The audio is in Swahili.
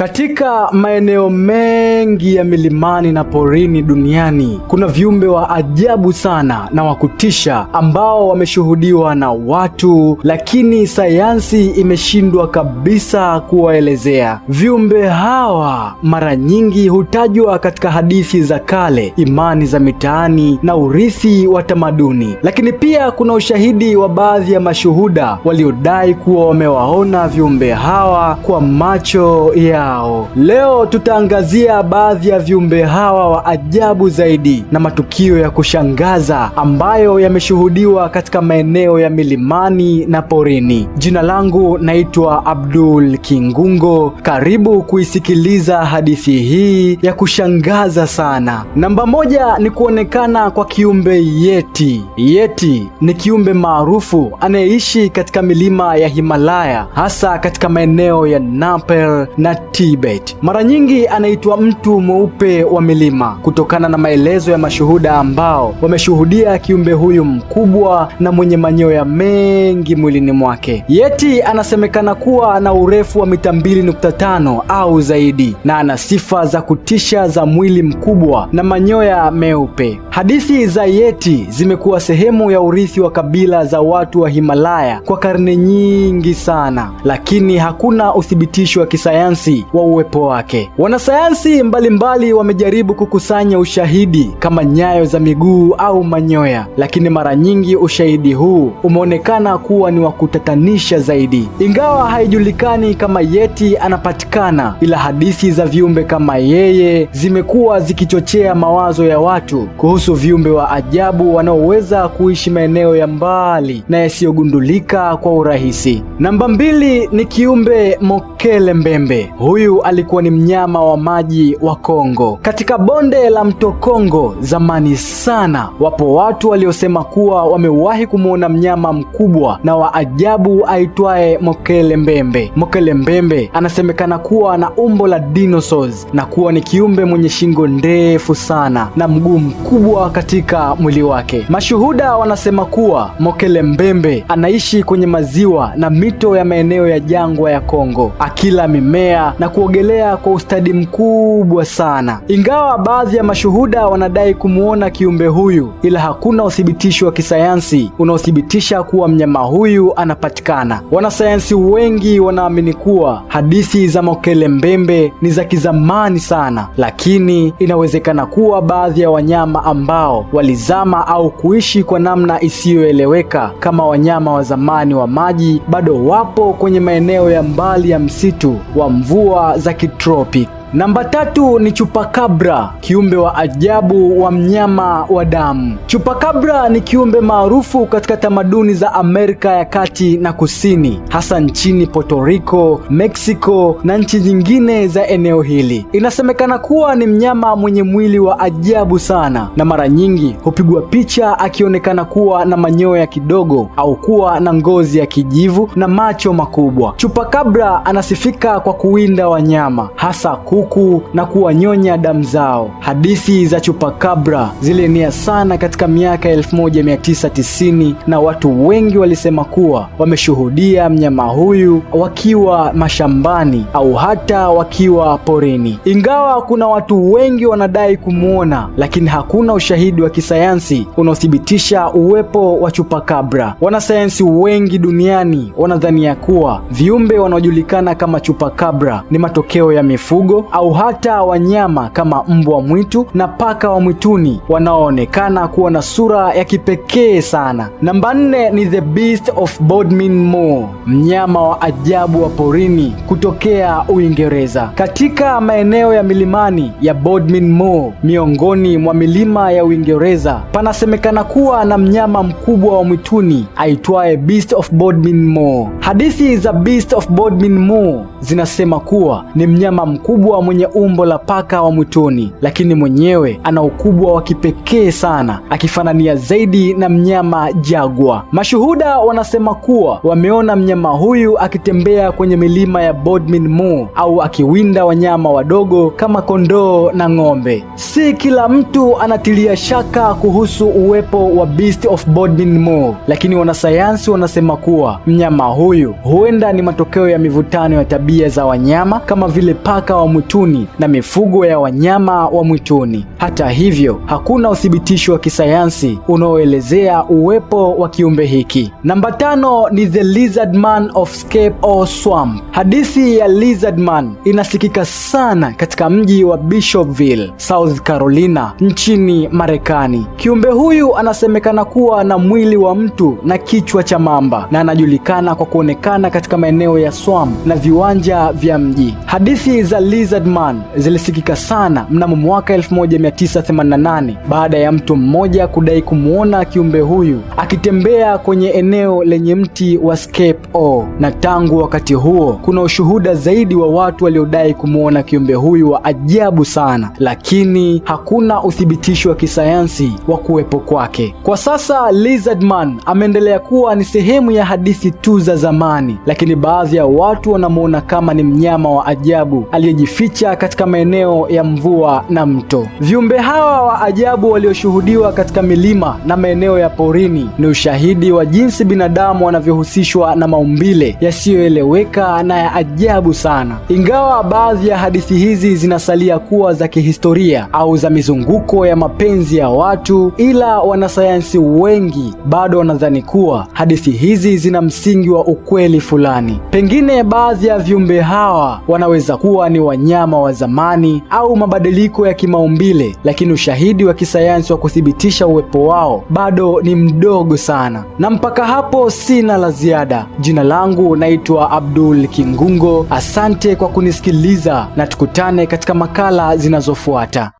Katika maeneo mengi ya milimani na porini duniani kuna viumbe wa ajabu sana na wa kutisha ambao wameshuhudiwa na watu, lakini sayansi imeshindwa kabisa kuwaelezea. Viumbe hawa mara nyingi hutajwa katika hadithi za kale, imani za mitaani na urithi wa tamaduni, lakini pia kuna ushahidi wa baadhi ya mashuhuda waliodai kuwa wamewaona viumbe hawa kwa macho ya yao. Leo tutaangazia baadhi ya viumbe hawa wa ajabu zaidi na matukio ya kushangaza ambayo yameshuhudiwa katika maeneo ya milimani na porini. Jina langu naitwa Abdul Kingungo. Karibu kuisikiliza hadithi hii ya kushangaza sana. Namba moja ni kuonekana kwa kiumbe yeti. Yeti ni kiumbe maarufu anayeishi katika milima ya Himalaya hasa katika maeneo ya Nepal na Tibet. Mara nyingi anaitwa mtu mweupe wa milima kutokana na maelezo ya mashuhuda ambao wameshuhudia kiumbe huyu mkubwa na mwenye manyoya mengi mwilini mwake. Yeti anasemekana kuwa na urefu wa mita 2.5 au zaidi na ana sifa za kutisha za mwili mkubwa na manyoya meupe. Hadithi za Yeti zimekuwa sehemu ya urithi wa kabila za watu wa Himalaya kwa karne nyingi sana, lakini hakuna uthibitisho wa kisayansi wa uwepo wake. Wanasayansi mbalimbali wamejaribu kukusanya ushahidi kama nyayo za miguu au manyoya, lakini mara nyingi ushahidi huu umeonekana kuwa ni wa kutatanisha zaidi. Ingawa haijulikani kama Yeti anapatikana, ila hadithi za viumbe kama yeye zimekuwa zikichochea mawazo ya watu kuhusu viumbe wa ajabu wanaoweza kuishi maeneo ya mbali na yasiyogundulika kwa urahisi. Namba mbili ni kiumbe Mokele Mbembe. Huyu Huyu alikuwa ni mnyama wa maji wa Kongo. Katika bonde la mto Kongo zamani sana, wapo watu waliosema kuwa wamewahi kumwona mnyama mkubwa na wa ajabu aitwaye Mokele Mbembe. Mokele Mbembe anasemekana kuwa na umbo la dinosaurs na kuwa ni kiumbe mwenye shingo ndefu sana na mguu mkubwa katika mwili wake. Mashuhuda wanasema kuwa Mokele Mbembe anaishi kwenye maziwa na mito ya maeneo ya jangwa ya Kongo, akila mimea na kuogelea kwa ustadi mkubwa sana, ingawa baadhi ya mashuhuda wanadai kumwona kiumbe huyu, ila hakuna uthibitisho wa kisayansi unaothibitisha kuwa mnyama huyu anapatikana. Wanasayansi wengi wanaamini kuwa hadithi za mokele Mbembe ni za kizamani sana, lakini inawezekana kuwa baadhi ya wanyama ambao walizama au kuishi kwa namna isiyoeleweka kama wanyama wa zamani wa maji bado wapo kwenye maeneo ya mbali ya msitu wa mvua za kitropiki. Namba tatu ni chupakabra, kiumbe wa ajabu wa mnyama wa damu. Chupakabra ni kiumbe maarufu katika tamaduni za Amerika ya Kati na Kusini, hasa nchini Puerto Rico, Mexico na nchi nyingine za eneo hili. Inasemekana kuwa ni mnyama mwenye mwili wa ajabu sana na mara nyingi hupigwa picha akionekana kuwa na manyoya kidogo au kuwa na ngozi ya kijivu na macho makubwa. Chupakabra anasifika kwa kuwinda wanyama hasa ku kuku na kuwanyonya damu zao. Hadithi za chupakabra zilienea sana katika miaka 1990 na watu wengi walisema kuwa wameshuhudia mnyama huyu wakiwa mashambani au hata wakiwa porini. Ingawa kuna watu wengi wanadai kumwona, lakini hakuna ushahidi wa kisayansi unaothibitisha uwepo wa chupakabra. Wanasayansi wengi duniani wanadhania kuwa viumbe wanaojulikana kama chupakabra ni matokeo ya mifugo, au hata wanyama kama mbwa mwitu na paka wa mwituni wanaoonekana kuwa na sura ya kipekee sana. Namba nne ni The Beast of Bodmin Moor, mnyama wa ajabu wa porini kutokea Uingereza. Katika maeneo ya milimani ya Bodmin Moor, miongoni mwa milima ya Uingereza, panasemekana kuwa na mnyama mkubwa wa mwituni aitwaye Beast of Bodmin Moor. Hadithi za Beast of Bodmin Moor zinasema kuwa ni mnyama mkubwa kuwa mwenye umbo la paka wa mwituni, lakini mwenyewe ana ukubwa wa kipekee sana, akifanania zaidi na mnyama jagwa. Mashuhuda wanasema kuwa wameona mnyama huyu akitembea kwenye milima ya Bodmin Moor au akiwinda wanyama wadogo kama kondoo na ng'ombe. Si kila mtu anatilia shaka kuhusu uwepo wa Beast of Bodmin Moor, lakini wanasayansi wanasema kuwa mnyama huyu huenda ni matokeo ya mivutano ya tabia za wanyama kama vile paka wa mwituni mwituni na mifugo ya wanyama wa mwituni. Hata hivyo, hakuna uthibitisho wa kisayansi unaoelezea uwepo wa kiumbe hiki. Namba tano ni The Lizard Man of Scape or Swamp. Hadithi ya Lizard Man inasikika sana katika mji wa Bishopville, South Carolina nchini Marekani. Kiumbe huyu anasemekana kuwa na mwili wa mtu na kichwa cha mamba na anajulikana kwa kuonekana katika maeneo ya swamp na viwanja vya mji. Hadithi za Lizard Birdman zilisikika sana mnamo mwaka 1988 baada ya mtu mmoja kudai kumwona kiumbe huyu akitembea kwenye eneo lenye mti wa scape-o, na tangu wakati huo kuna ushuhuda zaidi wa watu waliodai kumwona kiumbe huyu wa ajabu sana, lakini hakuna uthibitisho wa kisayansi wa kuwepo kwake. Kwa sasa Lizardman ameendelea kuwa ni sehemu ya hadithi tu za zamani, lakini baadhi ya watu wanamwona kama ni mnyama wa ajabu aliyejificha kujificha katika maeneo ya mvua na mto. Viumbe hawa wa ajabu walioshuhudiwa katika milima na maeneo ya porini ni ushahidi wa jinsi binadamu wanavyohusishwa na maumbile yasiyoeleweka na ya ajabu sana. Ingawa baadhi ya hadithi hizi zinasalia kuwa za kihistoria au za mizunguko ya mapenzi ya watu, ila wanasayansi wengi bado wanadhani kuwa hadithi hizi zina msingi wa ukweli fulani. Pengine baadhi ya viumbe hawa wanaweza kuwa ni wanyi wanyama wa zamani au mabadiliko ya kimaumbile, lakini ushahidi wa kisayansi wa kuthibitisha uwepo wao bado ni mdogo sana. Na mpaka hapo sina la ziada. Jina langu naitwa Abdul Kingungo. Asante kwa kunisikiliza na tukutane katika makala zinazofuata.